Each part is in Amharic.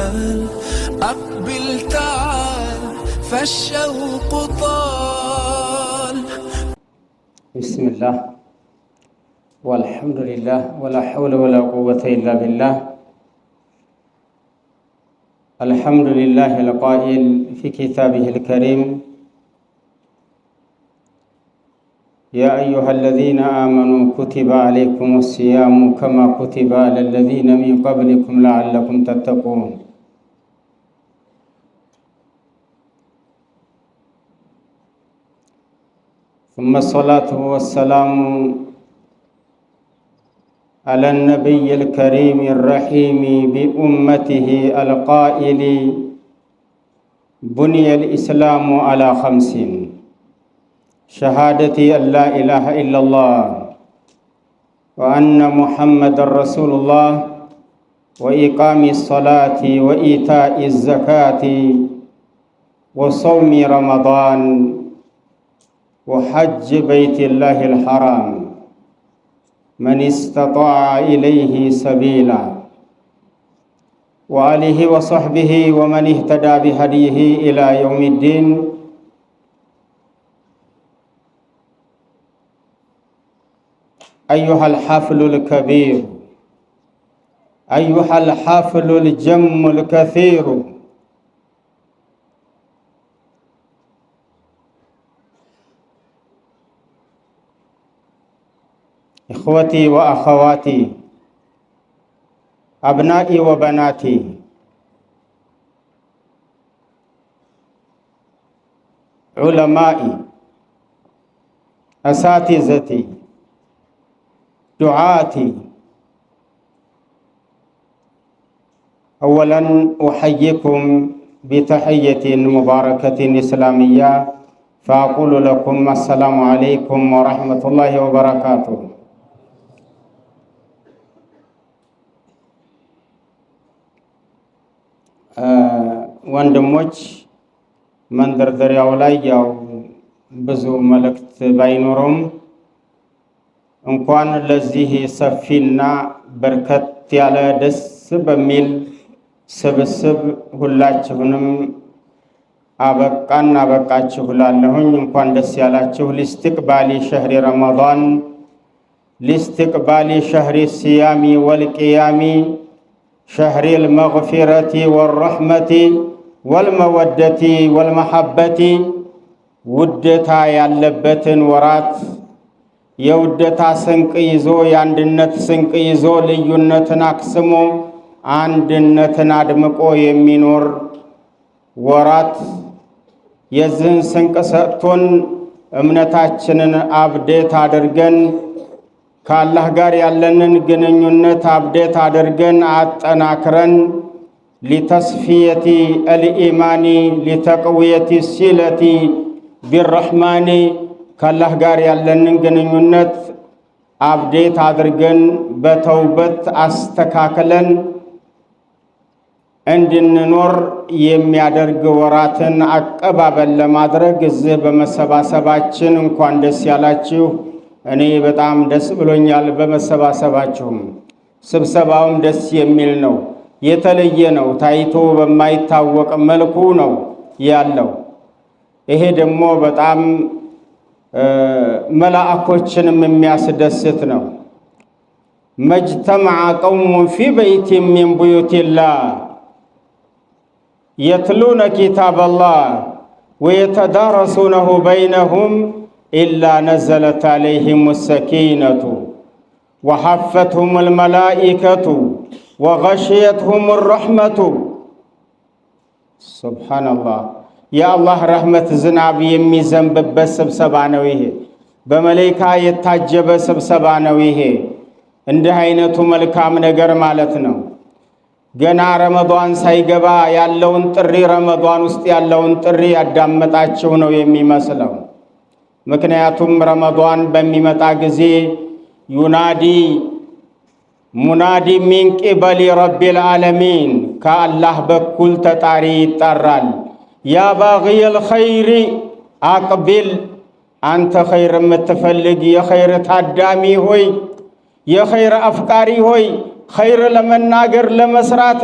تعال أقبل تعال فالشوق طال بسم الله والحمد لله ولا حول ولا قوة إلا بالله الحمد لله القائل في كتابه الكريم يا أيها الذين آمنوا كتب عليكم الصيام كما كتب على الذين من قبلكم لعلكم تتقون ثم الصلاة والسلام على النبي الكريم الرحيم بأمته القائل بني الإسلام على خمس شهادة أن لا إله إلا الله وأن محمد رسول الله وإقام الصلاة وإيتاء الزكاة وصوم رمضان وحج بيت الله الحرام من استطاع إليه سبيلا وآله وصحبه ومن اهتدى بهديه إلى يوم الدين أيها الحفل الكبير أيها الحفل الجم الكثير إخوتي وأخواتي أبنائي وبناتي علمائي أساتذتي دعاتي أولا أحييكم بتحية مباركة إسلامية فأقول لكم السلام عليكم ورحمة الله وبركاته ወንድሞች መንደርደሪያው ላይ ያው ብዙ መልእክት ባይኖረውም እንኳን ለዚህ ሰፊና በርከት ያለ ደስ በሚል ስብስብ ሁላችሁንም አበቃን አበቃችሁ ላለሁኝ እንኳን ደስ ያላችሁ። ሊስቲቅባሊ ሸህሪ ረመዳን ሊስቲቅባሊ ሸህሪ ሲያሚ ወልቅያሚ ሸህሪ ልመግፊረቲ ወረሕመቲ ወልመወደቲ ወልመሐበቲ ውደታ ያለበትን ወራት የውደታ ስንቅ ይዞ የአንድነት ስንቅ ይዞ ልዩነትን አክስሞ አንድነትን አድምቆ የሚኖር ወራት የዚህን ስንቅ ሰጥቶን እምነታችንን አብዴት አድርገን ከአላህ ጋር ያለንን ግንኙነት አብዴት አድርገን አጠናክረን ሊተስፊየቲ الإيمان لتقوية ሲለቲ بالرحمن ከአላህ ጋር ያለንን ግንኙነት አብዴት አድርገን በተውበት አስተካክለን እንድንኖር የሚያደርግ ወራትን አቀባበል ለማድረግ እዚህ በመሰባሰባችን እንኳን ደስ ያላችሁ። እኔ በጣም ደስ ብሎኛል በመሰባሰባችሁም። ስብሰባውም ደስ የሚል ነው። የተለየ ነው። ታይቶ በማይታወቅ መልኩ ነው ያለው። ይሄ ደግሞ በጣም መላእኮችንም የሚያስደስት ነው። መጅተማ ቀውሙን ፊ በይቲን ሚን ቡዩቲላህ የትሉነ ኪታበላህ ወየተዳረሱነሁ በይነሁም ኢላ ነዘለት ዓለይሂሙ ሰኪነቱ ወሐፈትሁሙል መላኢከቱ ወገሽየትሁም ረሕመቱ ሱብሓነላህ የአላህ ረህመት ዝናብ የሚዘንብበት ስብሰባ ነው ይሄ። በመለይካ የታጀበ ስብሰባ ነው ይሄ። እንዲህ አይነቱ መልካም ነገር ማለት ነው። ገና ረመዷን ሳይገባ ያለውን ጥሪ ረመዷን ውስጥ ያለውን ጥሪ ያዳመጣችሁ ነው የሚመስለው። ምክንያቱም ረመዷን በሚመጣ ጊዜ ዩናዲ ሙናዲ ሚን ቂበሊ ረቢል ዓለሚን ከአላህ በኩል ተጣሪ ይጠራል። ያ ባግየል ኸይሪ አቅቢል አንተ ኸይር የምትፈልግ የኸይር ታዳሚ ሆይ፣ የኸይር አፍቃሪ ሆይ፣ ኸይር ለመናገር ለመስራት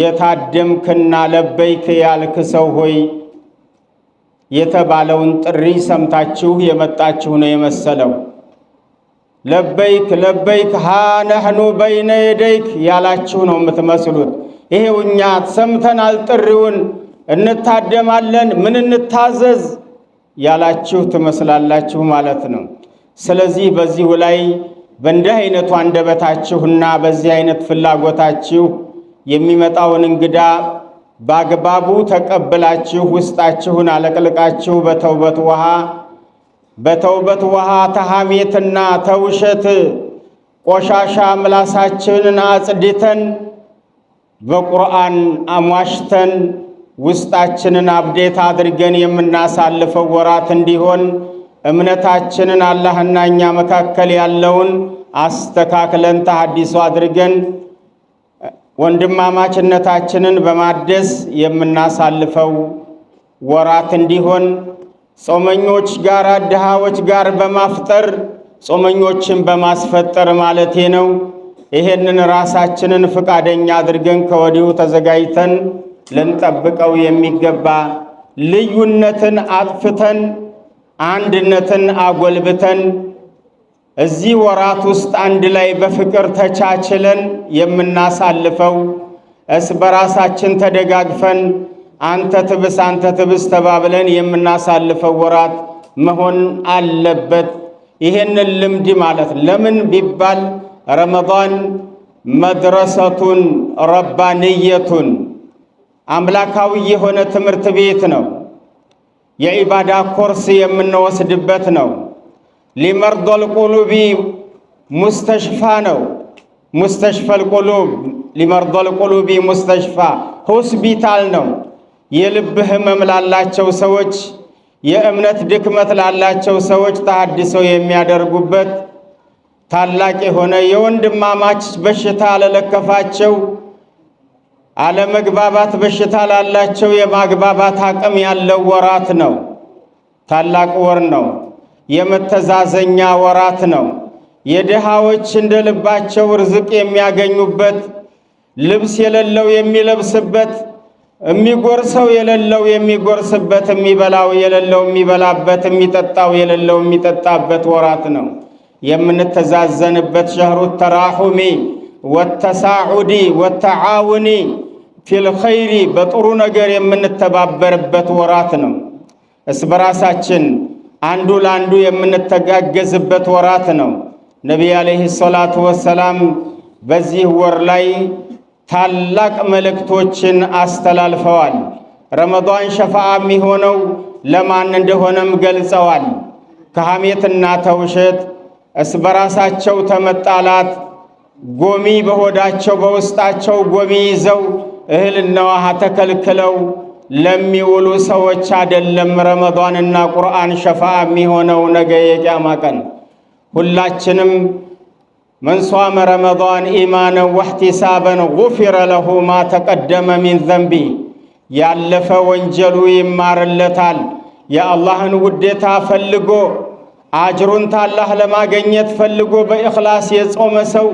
የታደምክና ለበይክ ያልክ ሰው ሆይ የተባለውን ጥሪ ሰምታችሁ የመጣችሁ ነው የመሰለው። ለበይክ ለበይክ ሃ ነህኑ በይነ የደይክ ያላችሁ ነው የምትመስሉት። ይሄው እኛ ሰምተናል ጥሪውን፣ እንታደማለን፣ ምን እንታዘዝ ያላችሁ ትመስላላችሁ ማለት ነው። ስለዚህ በዚሁ ላይ በእንዲህ አይነቱ አንደበታችሁና በዚህ አይነት ፍላጎታችሁ የሚመጣውን እንግዳ በአግባቡ ተቀብላችሁ ውስጣችሁን አለቅልቃችሁ በተውበት ውሃ በተውበት ውሃ ተሐሜትና ተውሸት ቆሻሻ ምላሳችንን አጽድተን በቁርአን አሟሽተን ውስጣችንን አብዴት አድርገን የምናሳልፈው ወራት እንዲሆን እምነታችንን አላህና እኛ መካከል ያለውን አስተካክለን ተሐዲሶ አድርገን ወንድማማችነታችንን በማደስ የምናሳልፈው ወራት እንዲሆን ጾመኞች ጋር ድሃዎች ጋር በማፍጠር ጾመኞችን በማስፈጠር ማለቴ ነው። ይሄንን ራሳችንን ፍቃደኛ አድርገን ከወዲሁ ተዘጋጅተን ልንጠብቀው የሚገባ ልዩነትን አጥፍተን አንድነትን አጎልብተን እዚህ ወራት ውስጥ አንድ ላይ በፍቅር ተቻችለን የምናሳልፈው እስ በራሳችን ተደጋግፈን አንተ ትብስ አንተ ትብስ ተባብለን የምናሳልፈው ወራት መሆን አለበት። ይህንን ልምድ ማለት ለምን ቢባል ረመዳን መድረሰቱን ረባንየቱን አምላካዊ የሆነ ትምህርት ቤት ነው። የኢባዳ ኮርስ የምንወስድበት ነው። ሊመርዶል ቁሉቢ ሙስተሽፋ ነው። ሙስተሽፈል ቁሉብ ሊመርዶል ቁሉቢ ሙስተሽፋ ሆስፒታል ነው። የልብ ህመም ላላቸው ሰዎች፣ የእምነት ድክመት ላላቸው ሰዎች ተሐድሶ የሚያደርጉበት ታላቅ የሆነ የወንድማማች በሽታ ለለከፋቸው፣ አለመግባባት በሽታ ላላቸው የማግባባት አቅም ያለው ወራት ነው። ታላቅ ወር ነው። የመተዛዘኛ ወራት ነው። የድሃዎች እንደ ልባቸው ርዝቅ የሚያገኙበት ልብስ የሌለው የሚለብስበት የሚጎርሰው የሌለው የሚጎርስበት፣ የሚበላው የሌለው የሚበላበት፣ የሚጠጣው የሌለው የሚጠጣበት ወራት ነው። የምንተዛዘንበት ሸህሩ ተራሑሚ ወተሳዑዲ ወተዓውኒ ፊል ኸይሪ በጥሩ ነገር የምንተባበርበት ወራት ነው። እስ በራሳችን አንዱ ለአንዱ የምንተጋገዝበት ወራት ነው። ነቢይ ዓለይሂ ሰላቱ ወሰላም በዚህ ወር ላይ ታላቅ መልእክቶችን አስተላልፈዋል። ረመዷን ሸፋዓ የሚሆነው ለማን እንደሆነም ገልጸዋል። ከሐሜትና ተውሸት እስበራሳቸው ተመጣላት ጎሚ በሆዳቸው በውስጣቸው ጎሚ ይዘው እህልና ውሃ ተከልክለው ለሚውሉ ሰዎች አይደለም ረመዷንና ቁርአን ሸፋዓ የሚሆነው ነገ የቂያማ ቀን ሁላችንም መን ሷመ ረመዷን ኢማነን ወሕቲሳበን ጉፊረ ለሁ ማ ተቀደመ ሚን ዘንቢ ያለፈ ወንጀሉ ይማርለታል። የአላህን ውዴታ ፈልጎ አጅሩን ታላህ ለማገኘት ፈልጎ በእኽላስ የጾመ ሰው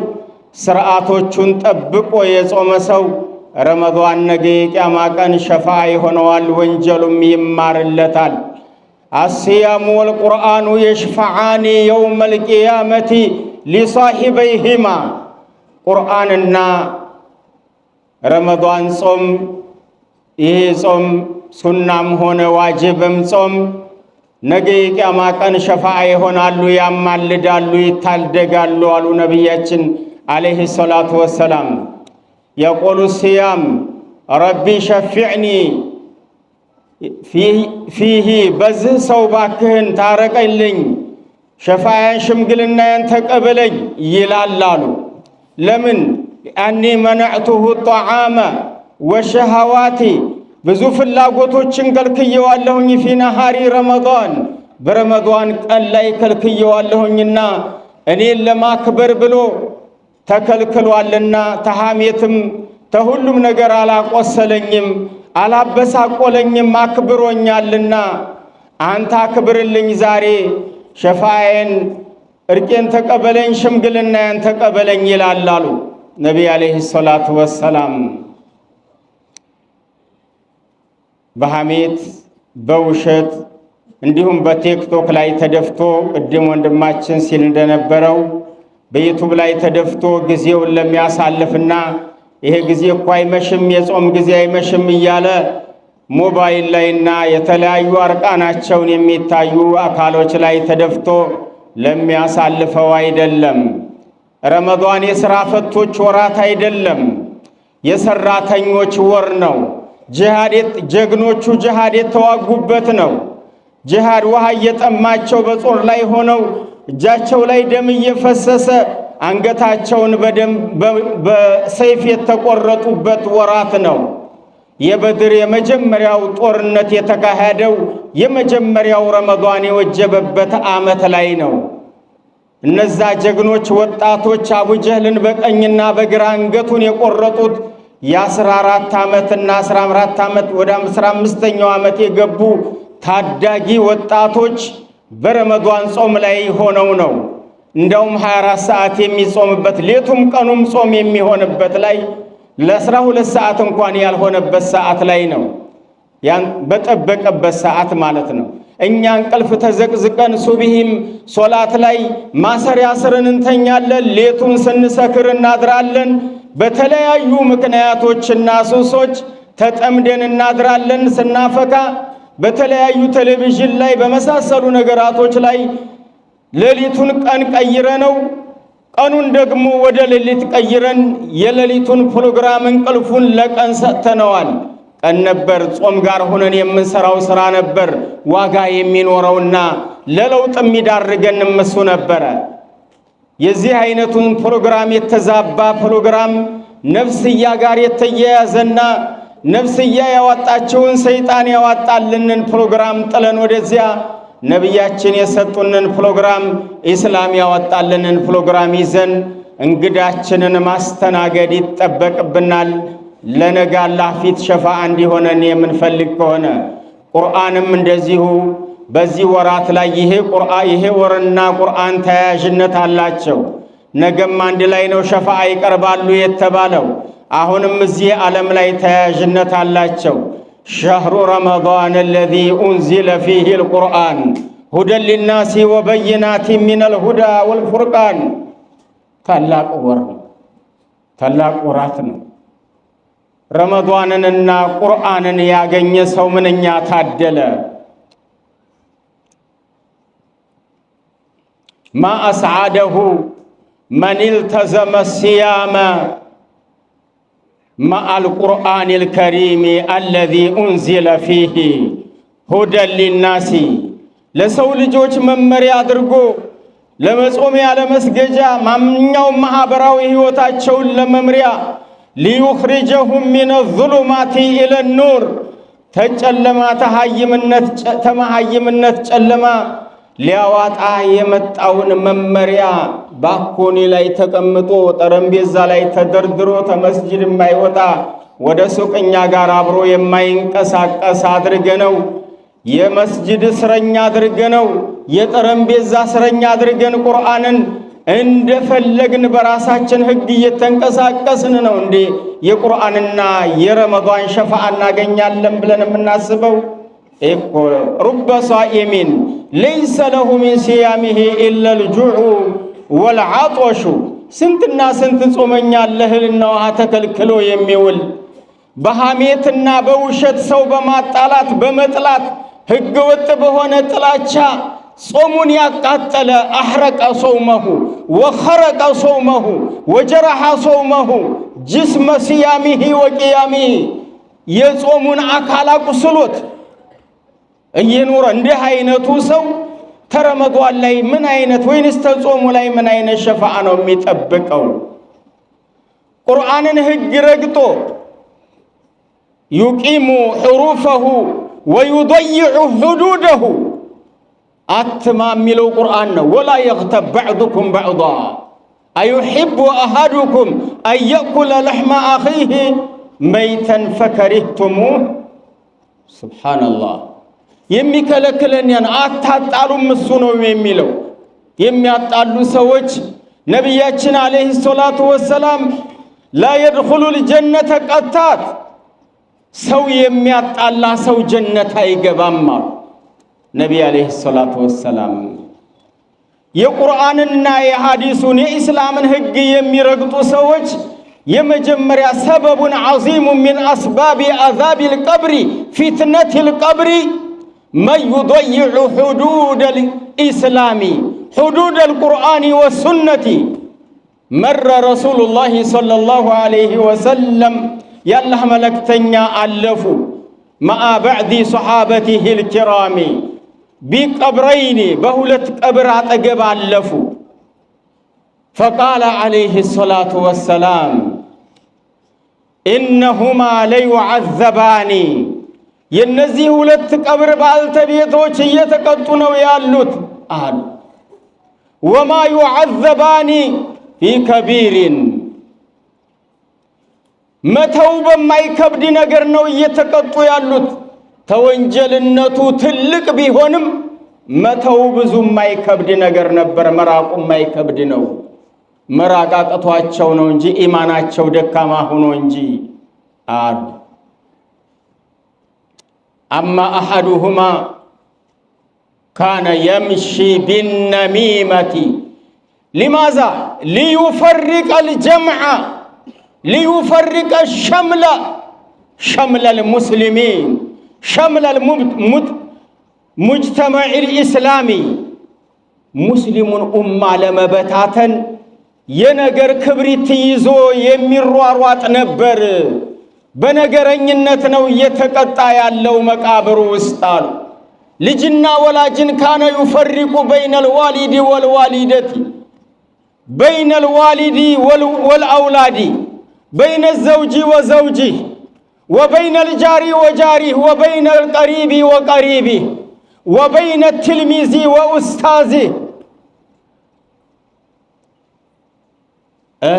ስርዓቶቹን ጠብቆ የጾመ ሰው ረመዷን ነገ የቅያማ ቀን ሸፋ ይሆነዋል፣ ወንጀሉም ይማርለታል። አስያሙ ወልቁርአኑ የሽፈዓኒ የውመል ቂያመቲ ሊሳሂበይሂማ ቁርአንና ረመዷን ጾም ይሄ ጾም ሱናም ሆነ ዋጅብም ጾም ነገ የቅያማ ቀን ሸፋዓ ይሆናሉ፣ ያማልዳሉ፣ ይታደጋሉ አሉ ነቢያችን አለይሂ ሰላቱ ወሰላም። የቆሉ ስያም ረቢ ሸፊዕኒ ፊሂ በዚህ ሰው ባክህን ታረቀልኝ ሸፋያ ሽምግልናዬን ተቀበለኝ ይላል አሉ። ለምን አኒ መናዕቱሁ ጣዓመ ወሸሃዋቲ ብዙ ፍላጎቶችን ከልክየዋለሁኝ። ፊ ነሃሪ ረመዷን በረመዷን ቀን ላይ ከልክየዋለሁኝና እኔን ለማክበር ብሎ ተከልክሏልና ተሃሜትም ተሁሉም ነገር አላቆሰለኝም፣ አላበሳቆለኝም አክብሮኛልና አንተ አክብርልኝ ዛሬ ሸፋዬን እርቄን ተቀበለኝ ሽምግልናዬን ተቀበለኝ ይላል አሉ ነቢይ ዓለይሂ ሰላቱ ወሰላም። በሐሜት በውሸት እንዲሁም በቲክቶክ ላይ ተደፍቶ ቅድም ወንድማችን ሲል እንደነበረው በዩቱብ ላይ ተደፍቶ ጊዜውን ለሚያሳልፍና ይሄ ጊዜ እኮ አይመሽም የጾም ጊዜ አይመሽም እያለ ሞባይል ላይና የተለያዩ አርቃናቸውን የሚታዩ አካሎች ላይ ተደፍቶ ለሚያሳልፈው አይደለም። ረመዷን የሥራ ፈቶች ወራት አይደለም፣ የሠራተኞች ወር ነው። ጀግኖቹ ጅሃድ የተዋጉበት ነው። ጅሃድ ውሃ እየጠማቸው በጾር ላይ ሆነው እጃቸው ላይ ደም እየፈሰሰ አንገታቸውን በሰይፍ የተቆረጡበት ወራት ነው። የበድር የመጀመሪያው ጦርነት የተካሄደው የመጀመሪያው ረመዷን የወጀበበት ዓመት ላይ ነው። እነዛ ጀግኖች ወጣቶች አቡጀህልን በቀኝና በግራ አንገቱን የቆረጡት የአስራ አራት ዓመትና አስራ አራት ዓመት ወደ አስራ አምስተኛው ዓመት የገቡ ታዳጊ ወጣቶች በረመዷን ጾም ላይ ሆነው ነው። እንዲያውም 24 ሰዓት የሚጾምበት ሌቱም ቀኑም ጾም የሚሆንበት ላይ ለአስራ ሁለት ሰዓት እንኳን ያልሆነበት ሰዓት ላይ ነው ያን በጠበቀበት ሰዓት ማለት ነው። እኛ እንቅልፍ ተዘቅዝቀን ሱብሂም ሶላት ላይ ማሰሪያ ስርን እንተኛለን። ሌቱን ስንሰክር እናድራለን። በተለያዩ ምክንያቶችና ሱሶች ተጠምደን እናድራለን። ስናፈካ በተለያዩ ቴሌቪዥን ላይ በመሳሰሉ ነገራቶች ላይ ሌሊቱን ቀን ቀይረ ነው ቀኑን ደግሞ ወደ ሌሊት ቀይረን የሌሊቱን ፕሮግራም እንቅልፉን ለቀን ሰጥተነዋል። ቀን ነበር ጾም ጋር ሆነን የምንሰራው ሥራ ነበር ዋጋ የሚኖረውና ለለውጥ የሚዳርገን እሱ ነበረ። የዚህ አይነቱን ፕሮግራም የተዛባ ፕሮግራም ነፍስያ ጋር የተያያዘና ነፍስያ ያዋጣቸውን ሰይጣን ያዋጣልንን ፕሮግራም ጥለን ወደዚያ ነቢያችን የሰጡንን ፕሮግራም ኢስላም ያወጣልንን ፕሮግራም ይዘን እንግዳችንን ማስተናገድ ይጠበቅብናል። ለነገ አላህ ፊት ሸፋዓ እንዲሆነን የምንፈልግ ከሆነ ቁርአንም እንደዚሁ በዚህ ወራት ላይ ይሄ ቁርአን ይሄ ወርና ቁርአን ተያያዥነት አላቸው። ነገም አንድ ላይ ነው ሸፋ ይቀርባሉ የተባለው። አሁንም እዚህ ዓለም ላይ ተያያዥነት አላቸው። شهر رمضان الذي أنزل فيه القرآن هدى للناس وبينات من الهدى والفرقان ታላቅ ወር ነው። ታላቅ ወራት ነው። ረመዷንንና ቁርአንን يسو من ምንኛ ታደለ። ما أسعده من التزم ሲያመ መዓል ቁርአኒል ከሪሚ አለዚ ኡንዚለ ፊህ ሁደን ሊናሲ ለሰው ልጆች መመሪያ አድርጎ ለመጾሚያ ለመስገጃ ማንኛውም ማኅበራዊ ሕይወታቸውን ለመምሪያ ሊዩኽሪጀሁም ሚነ ዙሉማቲ ኢለ ኑር ተጨለማ ተሃይምነት ተመሃይምነት ጨለማ ሊያዋጣ የመጣውን መመሪያ ባኮኒ ላይ ተቀምጦ ጠረጴዛ ላይ ተደርድሮ ተመስጅድ የማይወጣ ወደ ሱቅኛ ጋር አብሮ የማይንቀሳቀስ አድርገ ነው የመስጅድ እስረኛ አድርገ ነው የጠረጴዛ እስረኛ አድርገን ቁርአንን እንደፈለግን በራሳችን ሕግ እየተንቀሳቀስን ነው እንዴ የቁርአንና የረመዷን ሸፋ እናገኛለን ብለን የምናስበው? ሩበ ሳኢሚን ለይሰ ለሁ ሚን ሲያሚሂ ኢለ ልጁዑ ወልዓጦሹ። ስንትና ስንት ጾመኛ ለእህልና ውሃ ተከልክሎ የሚውል በሐሜትና በውሸት ሰው በማጣላት በመጥላት ሕገ ወጥ በሆነ ጥላቻ ጾሙን ያቃጠለ አሕረቀ ሶውመሁ ወኸረቀ ሶውመሁ ወጀረሐ ሶውመሁ ጅስመ ሲያሚሂ ወቅያሚሂ የጾሙን አካል አቁስሎት እየኖረ እንዲህ አይነቱ ሰው ተረመዷን ላይ ምን አይነት ወይንስ ተጾሙ ላይ ምን አይነት ሸፋዓ ነው የሚጠብቀው? ቁርአንን ህግ ረግጦ ዩቂሙ ሕሩፈሁ ወዩደይዑ ሁዱደሁ አትማ የሚለው ቁርአን ነው። ወላ የግተብ ባዕዱኩም ባዕዳ አዩሕቡ አሃዱኩም አንየእኩለ ለሕማ አኺህ መይተን ፈከሪህቱሙ። ስብሓነላህ የሚከለክለን ያን አታጣሉም እሱ ነው የሚለው። የሚያጣሉ ሰዎች ነቢያችን አለይሂ ሰላቱ ወሰላም ላ ጀነተ ቀታት ሰው የሚያጣላ ሰው ጀነት አይገባም አሉ ነቢ አለይሂ ሰላቱ ወሰላም። የቁርአንና የሐዲሱን የኢስላምን ህግ የሚረግጡ ሰዎች የመጀመሪያ ሰበቡን ዐዚሙ ሚን አስባቢ አዛቢል ቀብሪ ፊትነቲል ቀብሪ من يضيع حدود الإسلام حدود القرآن والسنة مر رسول الله صلى الله عليه وسلم يالله تنيا ألف مع بعد صحابته الكرام بقبرين بهلت قبرات أقب ألف فقال عليه الصلاة والسلام إنهما ليعذباني የእነዚህ ሁለት ቀብር ባልተቤቶች እየተቀጡ ነው ያሉት አሉ። ወማ ዩዓዘባኒ ፊ ከቢሪን መተው በማይከብድ ነገር ነው እየተቀጡ ያሉት። ተወንጀልነቱ ትልቅ ቢሆንም መተው ብዙ የማይከብድ ነገር ነበር። መራቁ የማይከብድ ነው። መራቃቀቷቸው ነው እንጂ ኢማናቸው ደካማ ሆኖ እንጂ አሉ። أما أحدهما كان يمشي بالنميمة لماذا؟ ليفرق الجمع ليفرق الشمل شمل المسلمين شمل المجتمع الإسلامي مسلم أمة لما بتاتا ينقر ክብሪት يمير واروات نبر በነገረኝነት ነው እየተቀጣ ያለው መቃብሩ ውስጥ አሉ። ልጅና ወላጅን ካነ ዩፈሪቁ በይነል ዋሊዲ ወልዋሊደቲ በይነል ዋሊዲ ወልአውላዲ በይነ ዘውጂ ወዘውጂ ወበይነል ጃሪ ወጃሪ ወበይነል ቀሪቢ ወቀሪቢ ወበይነ ትልሚዚ ወኡስታዚ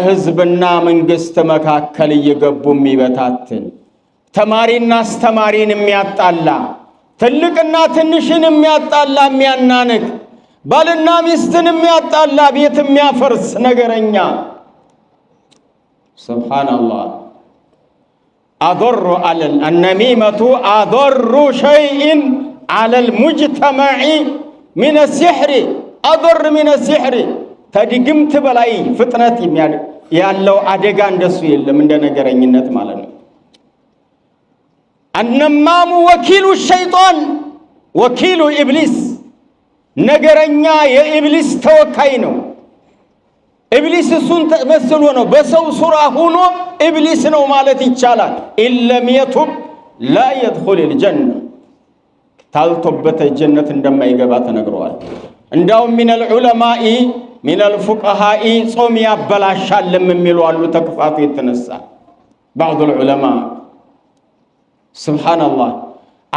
ሕዝብና መንግሥት መካከል እየገቡ የሚበታትን ተማሪና አስተማሪን የሚያጣላ ትልቅና ትንሽን የሚያጣላ የሚያናንቅ ባልና ሚስትን የሚያጣላ ቤት የሚያፈርስ ነገረኛ። ሱብሓነላህ። አዶሩ አለል አነሚመቱ አዶሩ ሸይን አለል ሙጅተመዒ ሚነ ሲሕሪ አዶር ሚነ ሲሕሪ ከድግምት በላይ ፍጥነት ያለው አደጋ እንደሱ የለም፣ እንደ ነገረኝነት ማለት ነው። አነማሙ ወኪሉ ሸይጣን ወኪሉ ኢብሊስ፣ ነገረኛ የኢብሊስ ተወካይ ነው። ኢብሊስ እሱን መስሎ ነው፣ በሰው ሱራ ሆኖ ኢብሊስ ነው ማለት ይቻላል። ኢለም የቱብ ላ የድኹል ልጀና ታልቶበት ጀነት እንደማይገባ ተነግረዋል። እንዳውም ሚነል ዑለማኢ ሚነል ፉቀሃኢ ጾም ያበላሻልም የሚሉ አሉ። ተክፋቱ የተነሳ ባዕዱል ዑለማ ስብሓነላህ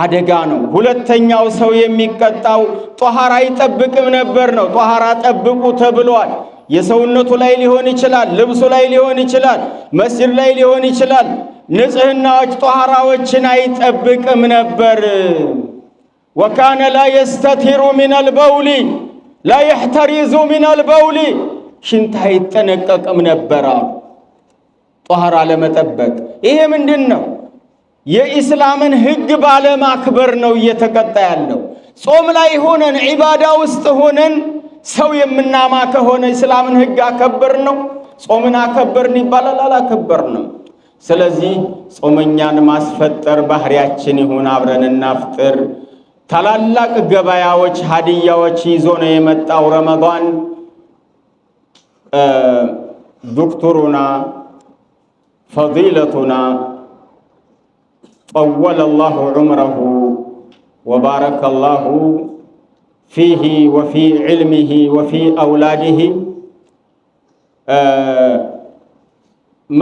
አደጋ ነው። ሁለተኛው ሰው የሚቀጣው ጧሃራ አይጠብቅም ነበር ነው። ጧሃራ ጠብቁ ተብሏል። የሰውነቱ ላይ ሊሆን ይችላል፣ ልብሱ ላይ ሊሆን ይችላል፣ መስጅድ ላይ ሊሆን ይችላል። ንጽህናዎች ጧሃራዎችን አይጠብቅም ነበር። ወካነ ላ የስተቲሩ ሚነል በውሊ ላ የሕተሪዙ ሚናል በውሊ ሽንት አይጠነቀቅም ነበር አሉ። ጧሃራ ለመጠበቅ ይሄ ምንድን ነው? የኢስላምን ሕግ ባለማክበር ነው እየተቀጣ ያለው። ጾም ላይ ሆነን ዒባዳ ውስጥ ሆነን ሰው የምናማ ከሆነ እስላምን ህግ አከበር ነው ጾምን አከበርን ይባላል። አላከበርንም። ስለዚህ ጾመኛን ማስፈጠር ባህሪያችን ይሁን። አብረን እናፍጥር። ታላላቅ ገበያዎች፣ ሀዲያዎች ይዞ ነው የመጣው ረመዷን። ዶክተሩና ፈዲለቱና ጠወለላሁ ላሁ ዑምረሁ ወባረከ ላሁ ፊህ ወፊ ዒልሚህ ወፊ አውላዲህ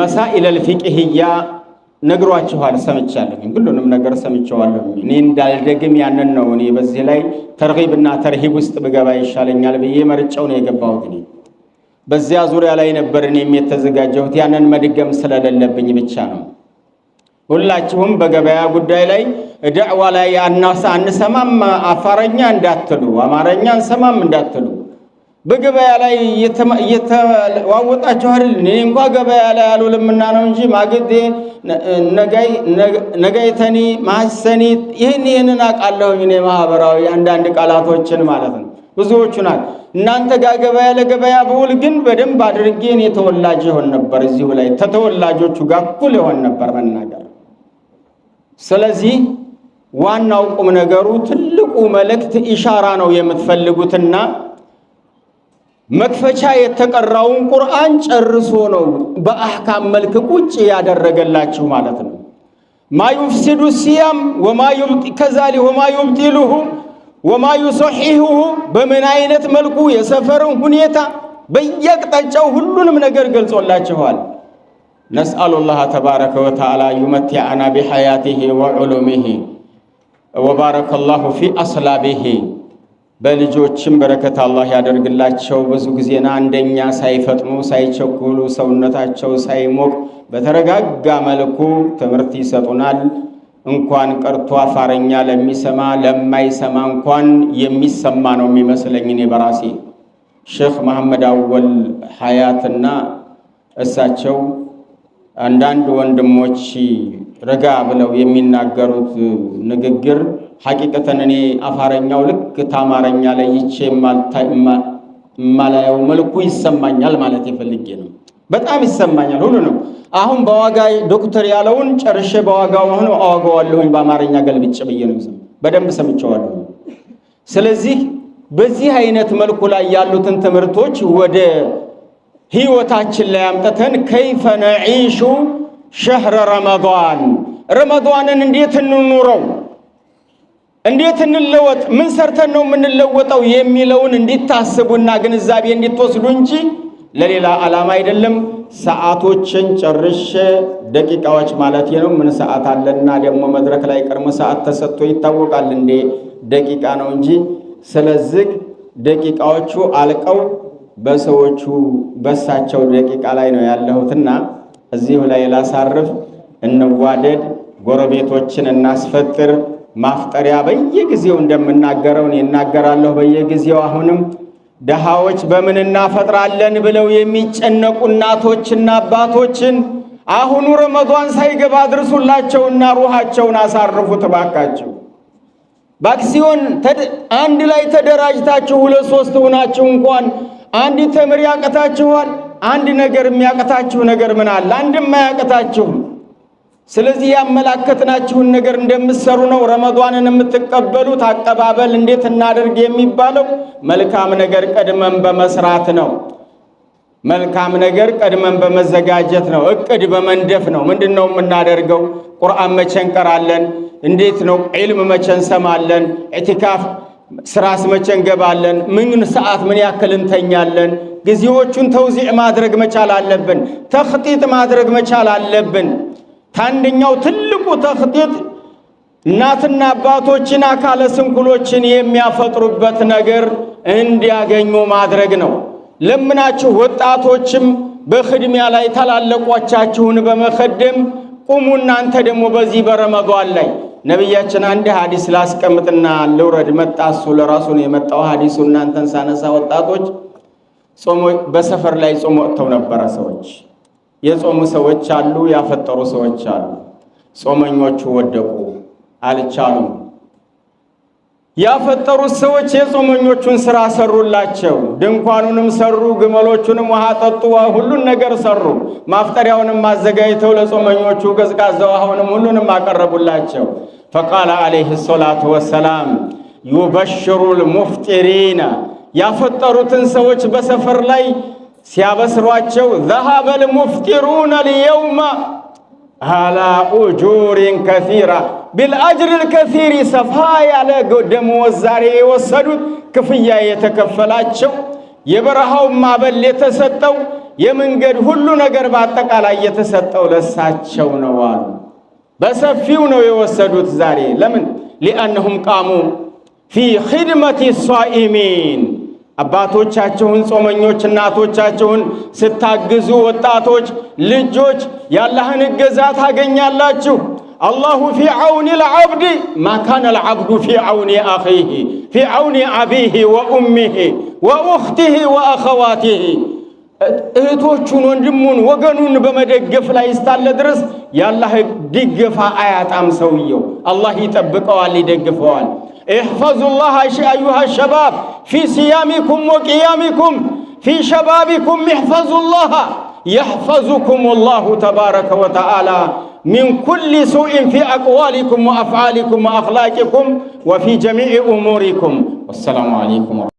መሳኢለል ፊቅህያ ነግሯችኋል። ሰምቻለሁ፣ ሁሉንም ነገር ሰምቼዋለሁ። እኔ እንዳልደግም ያንን ነው። እኔ በዚህ ላይ ተርሂብ እና ተርሂብ ውስጥ ብገባ ይሻለኛል ብዬ መርጨው ነው የገባሁት። እኔ በዚያ ዙሪያ ላይ ነበር እኔም የተዘጋጀሁት፣ ያንን መድገም ስለሌለብኝ ብቻ ነው። ሁላችሁም በገበያ ጉዳይ ላይ ዳዕዋ ላይ አናሳ አንሰማም፣ አፋረኛ እንዳትሉ፣ አማረኛ ሰማም እንዳትሉ በገበያ ላይ እየተዋወጣችሁ አይደል? እኔ እንኳ ገበያ ላይ አልውልምና ነው እንጂ ማግዴ፣ ነጋይተኒ፣ ማሰኒ ይህን ይህንን አውቃለሁኝ እኔ ማህበራዊ አንዳንድ ቃላቶችን ማለት ነው ብዙዎቹ ናት። እናንተ ጋር ገበያ ለገበያ ብውል ግን በደንብ አድርጌ እኔ ተወላጅ ይሆን ነበር። እዚሁ ላይ ተተወላጆቹ ጋር እኩል ይሆን ነበር መናገር። ስለዚህ ዋናው ቁም ነገሩ ትልቁ መልእክት ኢሻራ ነው የምትፈልጉትና መክፈቻ የተቀራውን ቁርአን ጨርሶ ነው በአህካም መልክ ቁጭ ያደረገላችሁ ማለት ነው። ማዩፍሲዱ ሲያም ከዛ ወማ ዩብጢሉሁ ወማ በምን አይነት መልኩ የሰፈርን ሁኔታ በየአቅጣጫው ሁሉንም ነገር ገልጾላችኋል። ነስአሉላህ ተባረከ ወተዓላ ዩመቲዐና ቢሐያቲሂ ወዑሉሚሂ ወባረከ ፊ አስላቢሂ በልጆችም በረከት አላህ ያደርግላቸው። ብዙ ጊዜና አንደኛ ሳይፈጥኑ ሳይቸኩሉ ሰውነታቸው ሳይሞቅ በተረጋጋ መልኩ ትምህርት ይሰጡናል። እንኳን ቀርቶ አፋረኛ ለሚሰማ ለማይሰማ እንኳን የሚሰማ ነው የሚመስለኝ እኔ በራሴ ሼክ መሐመድ አወል ሀያትና እሳቸው አንዳንድ ወንድሞች ረጋ ብለው የሚናገሩት ንግግር ሐቂቀተን እኔ አፋረኛው ልክ ታማረኛ ላይ ይቼ የማላየው መልኩ ይሰማኛል ማለት የፈልጌ ነው። በጣም ይሰማኛል ሁሉ ነው። አሁን በዋጋ ዶክተር ያለውን ጨርሼ በዋጋው ሆኖ አዋጋዋለሁኝ በአማርኛ ገልብጭ ብዬ ነው በደንብ ሰምቸዋለሁ። ስለዚህ በዚህ አይነት መልኩ ላይ ያሉትን ትምህርቶች ወደ ህይወታችን ላይ አምጥተን ከይፈ ነዒሹ ሸህረ ረመዷን ረመዷንን እንዴት እንኑረው እንዴት እንለወጥ፣ ምን ሰርተን ነው የምንለወጠው የሚለውን እንዲታስቡና ግንዛቤ እንዲትወስዱ እንጂ ለሌላ ዓላማ አይደለም። ሰዓቶችን ጨርሼ ደቂቃዎች ማለት ነው። ምን ሰዓት አለና ደግሞ መድረክ ላይ ቀድሞ ሰዓት ተሰጥቶ ይታወቃል እንዴ? ደቂቃ ነው እንጂ። ስለዚህ ደቂቃዎቹ አልቀው በሰዎቹ በሳቸው ደቂቃ ላይ ነው ያለሁትና እዚሁ ላይ ላሳርፍ። እንዋደድ፣ ጎረቤቶችን እናስፈጥር። ማፍጠሪያ በየጊዜው እንደምናገረው እኔ እናገራለሁ በየጊዜው አሁንም ደሃዎች በምን እናፈጥራለን ብለው የሚጨነቁ እናቶችና አባቶችን አሁኑ ረመዷን ሳይገባ አድርሱላቸውና ሩሃቸውን አሳርፉት እባካችሁ። ባክሲዮን አንድ ላይ ተደራጅታችሁ ሁለት ሶስት ሆናችሁ እንኳን አንድ ተምር ያቅታችኋል። አንድ ነገር የሚያቅታችሁ ነገር ምን አለ? አንድም አያቅታችሁም። ስለዚህ ያመላከትናችሁን ነገር እንደምትሰሩ ነው። ረመዷንን የምትቀበሉት አቀባበል እንዴት እናደርግ የሚባለው መልካም ነገር ቀድመን በመስራት ነው። መልካም ነገር ቀድመን በመዘጋጀት ነው። እቅድ በመንደፍ ነው። ምንድን ነው የምናደርገው? ቁርአን መቼ እንቀራለን? እንዴት ነው? ዒልም መቼ እንሰማለን? ኢዕቲካፍ ስራስ መቼ እንገባለን? ምን ሰዓት ምን ያክል እንተኛለን? ጊዜዎቹን ተውዚዕ ማድረግ መቻል አለብን። ተኽጢጥ ማድረግ መቻል አለብን። ታንደኛው ትልቁ ተኽጢጥ እናትና አባቶችን አካለ ስንኩሎችን የሚያፈጥሩበት ነገር እንዲያገኙ ማድረግ ነው። ለምናችሁ ወጣቶችም በክድሚያ ላይ ታላለቆቻችሁን በመከደም ቁሙ። እናንተ ደግሞ በዚህ በረመዷን ላይ ነቢያችን አንድ ሀዲስ ላስቀምጥና ልውረድ። መጣሱ ለራሱ ነው የመጣው ሀዲሱ። እናንተን ሳነሳ ወጣቶች በሰፈር ላይ ጾም ወጥተው ነበረ ሰዎች የጾሙ ሰዎች አሉ፣ ያፈጠሩ ሰዎች አሉ። ጾመኞቹ ወደቁ፣ አልቻሉም። ያፈጠሩት ሰዎች የጾመኞቹን ስራ ሰሩላቸው። ድንኳኑንም ሰሩ፣ ግመሎቹንም ውሃ ጠጡ፣ ሁሉን ነገር ሰሩ። ማፍጠሪያውንም አዘጋጅተው ለጾመኞቹ ቀዝቃዛ ውሃውንም ሁሉንም አቀረቡላቸው። ፈቃለ ዓለይህ ሰላቱ ወሰላም ዩበሽሩል ሙፍጢሪና ያፈጠሩትን ሰዎች በሰፈር ላይ ሲያበስሯቸው ዘሃበል ሙፍጢሩነ ልየውመ አላ ኡጁሪን ከሲራ ቢልአጅሪል ከሲሪ ሰፋ ያለ ደመወዝ ዛሬ የወሰዱት ክፍያ የተከፈላቸው የበረሃው ማበል የተሰጠው የመንገድ ሁሉ ነገር በአጠቃላይ የተሰጠው ለሳቸው ነው አሉ። በሰፊው ነው የወሰዱት ዛሬ። ለምን? ሊአነሁም ቃሙ ፊ ኺድመቲ ሷኢሚን አባቶቻቸውን ጾመኞች፣ እናቶቻቸውን ስታግዙ ወጣቶች ልጆች የአላህን እገዛ ታገኛላችሁ። አላሁ ፊ ዐውኒ ልዓብድ ማካነ ልዓብዱ ፊ ዐውኒ አኺህ ፊ ዐውኒ አቢህ ወኡሚህ ወኡኽቲህ ወአኸዋቲህ እህቶቹን ወንድሙን ወገኑን በመደገፍ ላይ እስካለ ድረስ የአላህ ድገፋ አያጣም። ሰውየው አላህ ይጠብቀዋል፣ ይደግፈዋል። احفظوا الله أيها الشباب في صيامكم وقيامكم في شبابكم احفظوا الله يحفظكم الله تبارك وتعالى من كل سوء في أقوالكم وأفعالكم وأخلاقكم وفي جميع أموركم والسلام عليكم